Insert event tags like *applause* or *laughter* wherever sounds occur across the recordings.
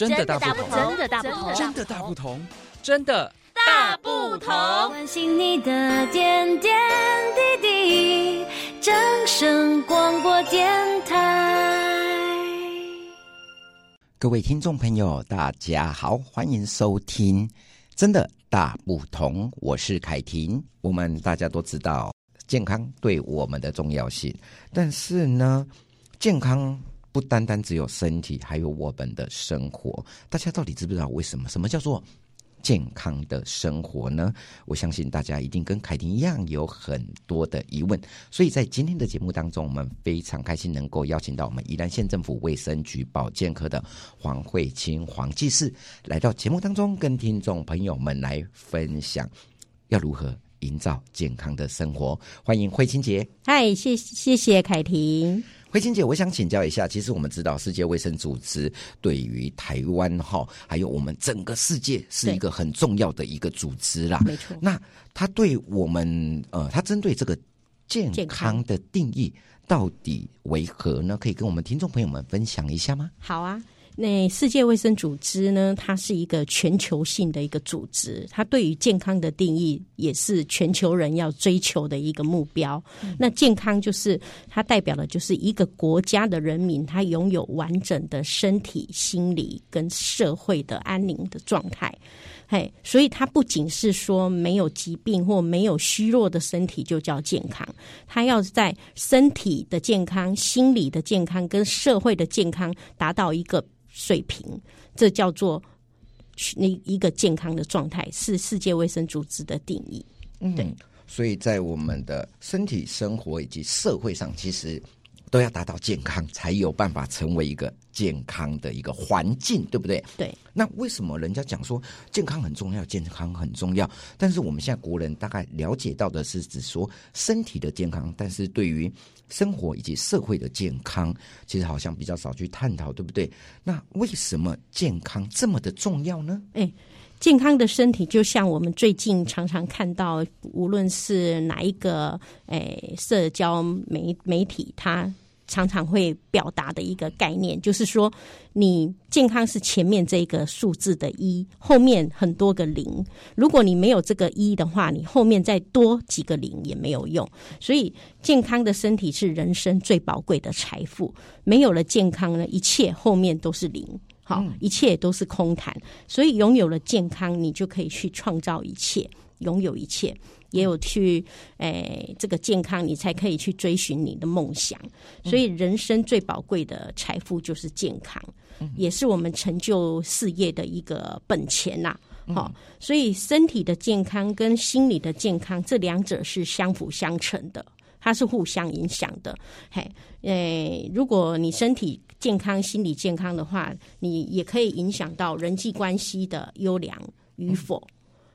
真的大不同，真的大不同，真的大不同，真的大不同。關心你的點點滴滴，掌聲廣播電臺。各位聽眾朋友，大家好，歡迎收聽《真的大不同》，我是凱婷。我們大家都知道健康對我們的重要性，但是呢，健康。不單單只有身體，還有我們的生活。大家到底知不知道為什麼？什麼叫做健康的生活呢？我相信大家一定跟凱婷一樣有很多的疑問。所以在今天的節目當中，我們非常開心能夠邀請到我們宜蘭縣政府衛生局保健科的黃慧清黃技士來到節目當中，跟聽眾朋友們來分享要如何營造健康的生活。歡迎慧清姐！嗨，謝謝謝凱婷。慧清姐，我想請教一下，其實我們知道世界衛生組織對於台灣哈，還有我們整個世界是一個很重要的一個組織啦。沒錯。那它對我們呃，它針對這個健康的定義到底為何呢？可以跟我們聽眾朋友們分享一下嗎？好啊。那世界衛生組織呢，它是一個全球性的一個組織，它對於健康的定義也是全球人要追求的一個目標。嗯。那健康就是它代表的就是一個國家的人民，他擁有完整的身體、心理跟社會的安寧的狀態。嘿，所以它不僅是說沒有疾病或沒有虛弱的身體就叫健康，它要在身體的健康、心理的健康跟社會的健康達到一個。水平，這叫做你一個健康的狀態，是世界衛生組織的定義。嗯，對，所以在我們的身體、生活以及社會上，其實。都要達到健康，才有辦法成為一個健康的一個環境，對不對？對。那為什麼人家講說健康很重要，健康很重要？但是我們現在國人大概了解到的是，只說身體的健康，但是對於生活以及社會的健康，其實好像比較少去探討，對不對？那為什麼健康這麼的重要呢？誒，健康的身體就像我們最近常常看到，無論是哪一個誒，社交媒，媒體，它常常會表達的一個概念，就是說，你健康是前面這一個數字的一，後面很多個零。如果你沒有這個一的話，你後面再多幾個零也沒有用。所以，健康的身體是人生最寶貴的財富。沒有了健康呢，一切後面都是零，好，一切都是空談。所以，擁有了健康，你就可以去創造一切。擁有一切，也有去誒，這個健康，你才可以去追尋你的夢想。所以，人生最寶貴的財富就是健康，也是我們成就事業的一個本錢吶、啊。好、哦，所以身體的健康跟心理的健康，這兩者是相輔相成的，它是互相影響的。嘿，誒，如果你身體健康、心理健康的話，你也可以影響到人際關係的優良與否。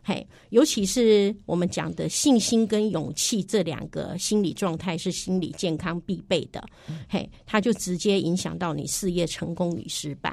嘿，尤其是我們講的信心跟勇氣這兩個心理狀態，是心理健康必備的。嘿，它就直接影響到你事業成功與失敗。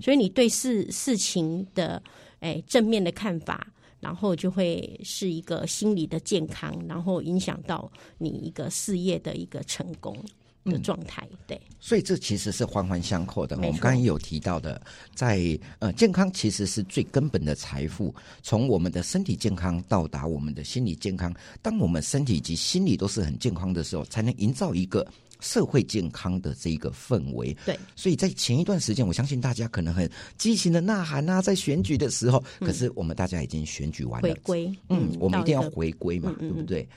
所以你對事事情的誒正面的看法，然後就會是一個心理的健康，然後影響到你一個事業的一個成功。的狀態對、嗯，所以這其實是環環相扣的。我們剛才有提到的，在呃，健康其實是最根本的財富。從我們的身體健康到達我們的心理健康，當我們身體及心理都是很健康的時候，才能營造一個社會健康的這一個氛圍。對，所以在前一段時間，我相信大家可能很激情的吶喊吶、啊，在選舉的時候、嗯，可是我們大家已經選舉完了，回歸、嗯那個，嗯，我們一定要回歸嘛、那個嗯，對不對？嗯嗯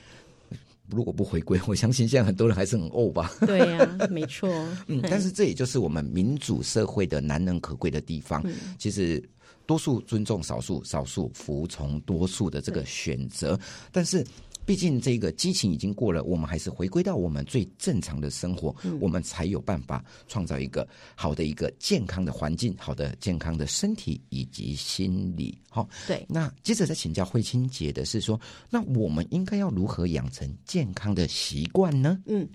如果不回歸，我相信現在很多人還是很嘔吧？對呀、啊，沒錯。 *laughs* 嗯，但是這也就是我們民主社會的難能可貴的地方。嗯、其實多數尊重少數，少數服從多數的這個選擇，但是，畢竟這個激情已經過了，我們還是回歸到我們最正常的生活，嗯，我們才有辦法創造一個好的一個健康的環境，好的健康的身體以及心理。好，對。那接着再請教慧清姐的是說，那我們應該要如何養成健康的習慣呢？嗯，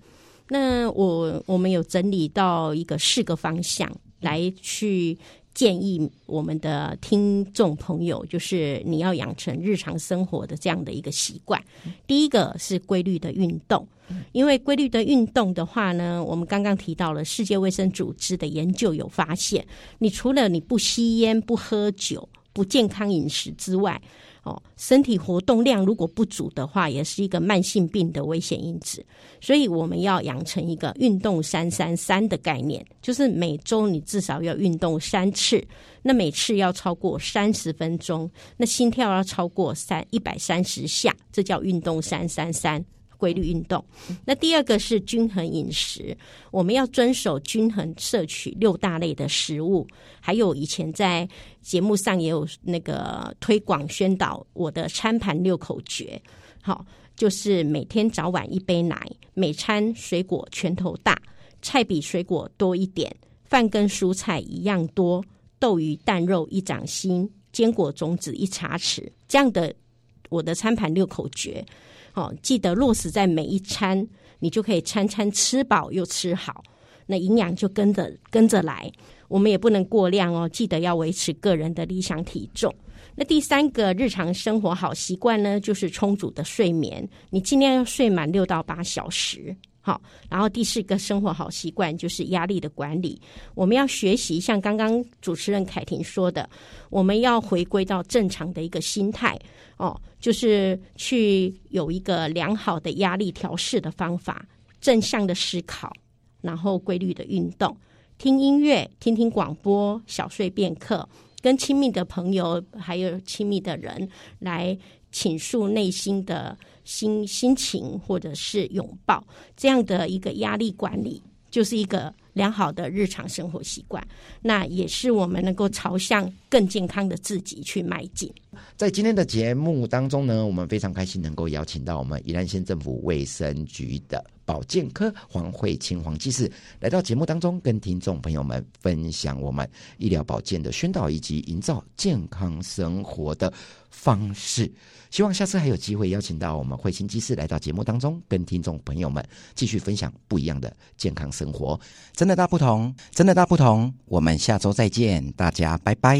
那我我們有整理到一個四個方向來去。建議我們的聽眾朋友，就是你要養成日常生活的這樣的一個習慣。第一個是規律的運動，因為規律的運動的話呢，我們剛剛提到了世界衛生組織的研究有發現，你除了你不吸菸、不喝酒。不健康飲食之外，哦，身體活動量如果不足的話，也是一個慢性病的危險因子。所以我們要養成一個運動三三三的概念，就是每周你至少要運動三次，那每次要超過三十分鐘，那心跳要超過三一百三十下，這叫運動三三三。規律運動，那第二個是均衡飲食。我們要遵守均衡攝取六大類的食物，還有以前在節目上也有那個推廣宣導我的餐盤六口訣。好，就是每天早晚一杯奶，每餐水果拳頭大，菜比水果多一點，飯跟蔬菜一樣多，豆魚蛋肉一掌心，堅果種子一茶匙。這樣的我的餐盤六口訣。哦，記得落實在每一餐，你就可以餐餐吃飽又吃好，那營養就跟着跟着來。我們也不能過量哦，記得要維持個人的理想體重。那第三個日常生活好習慣呢，就是充足的睡眠，你儘量要睡滿六到八小時。好，然後第四個生活好習慣就是壓力的管理。我們要學習像剛剛主持人凱婷說的，我們要回歸到正常的一個心態哦，就是去有一個良好的壓力調適的方法，正向的思考，然後規律的運動，聽音樂，聽聽廣播，小睡片刻，跟親密的朋友還有親密的人來傾訴內心的。心心情，或者是擁抱這樣的一個壓力管理，就是一個良好的日常生活習慣。那也是我們能夠朝向更健康的自己去邁進。在今天的節目當中呢，我們非常開心能夠邀請到我們宜蘭縣政府衛生局的。保健科黃慧清黃技師來到節目當中，跟聽眾朋友們分享我們醫療保健的宣導以及營造健康生活的方式。希望下次還有機會邀請到我們慧清技師來到節目當中，跟聽眾朋友們繼續分享不一樣的健康生活。真的大不同，真的大不同。我們下週再見，大家拜拜。